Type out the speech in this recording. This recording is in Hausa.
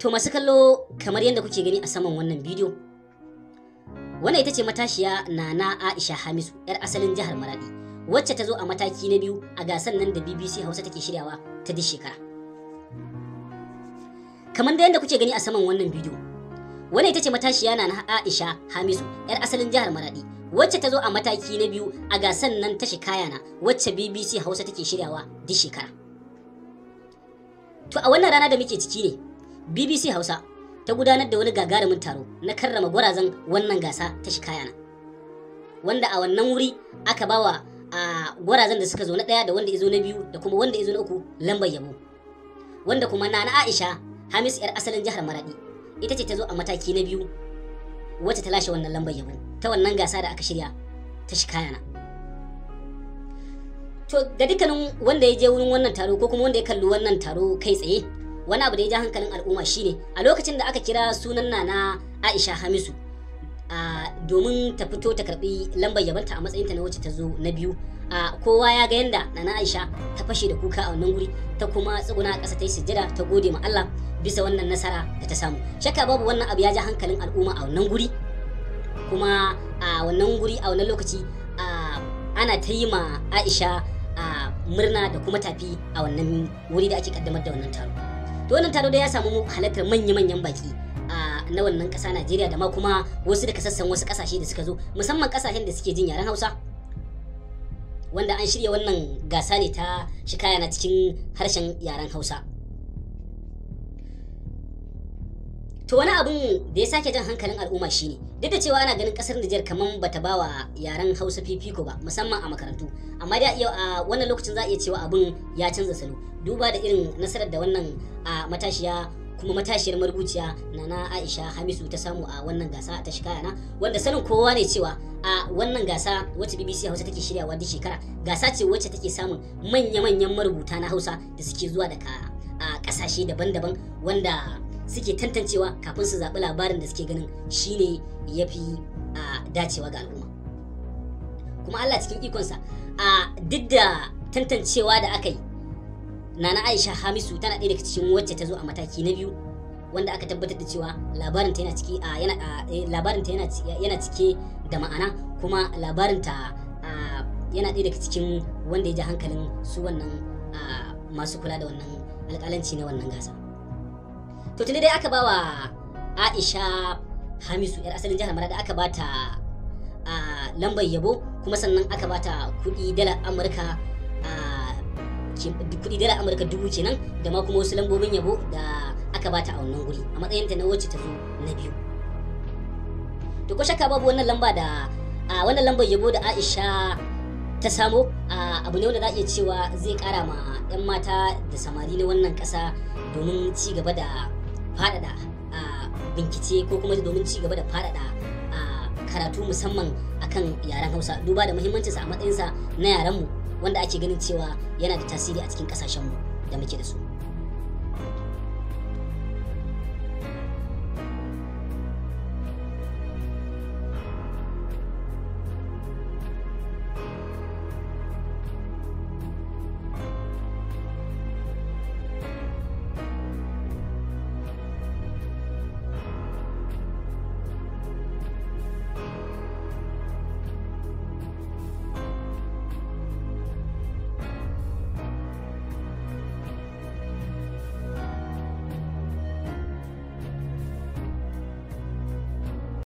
To masu kallo kamar yadda kuke gani a saman wannan bidiyo. Wannan ita ce matashiya Nana Aisha Hamisu 'yar asalin jihar Maradi wacce ta zo a mataki na biyu a gasar nan da BBC Hausa take shiryawa ta duk shekara. Kamar da yadda kuke gani a saman wannan bidiyo. Wannan ita ce matashiya Nana Aisha Hamisu 'yar asalin jihar Maradi wacce ta zo a mataki na biyu a gasar nan ta na wacce BBC Hausa take shiryawa duk shekara. To a wannan rana da muke ciki ne BBC Hausa ta gudanar da wani gagarumin taro na karrama gwarazan wannan gasa ta shikayana wanda a wannan wuri aka bawa a gwarazan da suka zo na ɗaya da wanda ya zo na biyu da kuma wanda ya zo na uku lambar yabo wanda kuma nana Aisha Hamis yar asalin jihar Maradi ita ce ta zo a mataki na biyu wacce ta lashe wannan lambar yabo ta wannan gasa da aka shirya ta shikayana to ga dukkanin wanda ya je wurin wannan taro ko kuma wanda ya kalli wannan taro kai tsaye wani abu da ya ja hankalin al'umma shine a lokacin da aka kira sunan nana Aisha Hamisu domin ta fito ta karbi lambar yabanta a matsayinta na wacce ta zo na biyu kowa ya ga yanda nana Aisha ta fashe da kuka a wannan guri ta kuma tsuguna ƙasa ta yi sujjada ta gode ma Allah bisa wannan nasara da ta samu shakka babu wannan abu ya ja hankalin al'umma a wannan guri kuma a wannan guri a wannan lokaci ana ta yi ma Aisha murna da kuma tafi a wannan wuri da ake kaddamar da wannan taro to wannan taro da ya samu halartar manya-manyan baki na wannan ƙasa Najeriya da ma kuma wasu daga sassan wasu ƙasashe da suka zo musamman ƙasashen da suke jin yaren Hausa wanda an shirya wannan gasa ne ta shikaya na cikin harshen yaren Hausa To wani abun da ya sake jan hankalin al'umma shine duk da cewa ana ganin kasar Nijar kaman bata bawa yaren Hausa fifiko ba musamman a makarantu amma da iya a wannan lokacin za a iya cewa abun ya canza salo duba da irin nasarar da wannan a matashiya kuma matashiyar marubuciya Nana Aisha Hamisu ta samu a wannan gasa ta shikayana wanda sanin kowa ne cewa a wannan gasa wacce BBC Hausa take shiryawa duk shekara gasa ce wacce take samun manya-manyan marubuta na Hausa da suke zuwa daga a kasashe daban-daban wanda suke tantancewa kafin su zaɓi labarin da suke ganin shi ne ya fi dacewa ga al'umma kuma Allah cikin ikonsa a duk da tantancewa da aka yi nana Aisha Hamisu tana ɗaya daga cikin wacce ta zo a mataki na biyu wanda aka tabbatar da cewa labarinta yana labarin ta yana cike da ma'ana kuma labarin ta yana ɗaya daga cikin wanda ya ji hankalin su wannan masu kula da wannan alƙalanci na wannan gasa to tuni dai aka ba wa aisha hamisu yar asalin jihar maradi aka ba ta a lambar yabo kuma sannan aka ba ta kuɗi dala amurka a kuɗi amurka dubu kenan da ma kuma wasu lambobin yabo da aka ba ta a wannan guri a matsayinta na wacce ta zo na biyu to ko shakka babu wannan lamba da wannan lambar yabo da aisha ta samo abu ne wanda za iya cewa zai kara ma 'yan mata da samari na wannan kasa domin ci gaba da faɗaɗa bincike ko kuma domin ci gaba da faɗaɗa karatu musamman akan yaren hausa duba da muhimmancinsa a matsayinsa na mu wanda ake ganin cewa yana da tasiri a cikin kasashen mu da muke da su.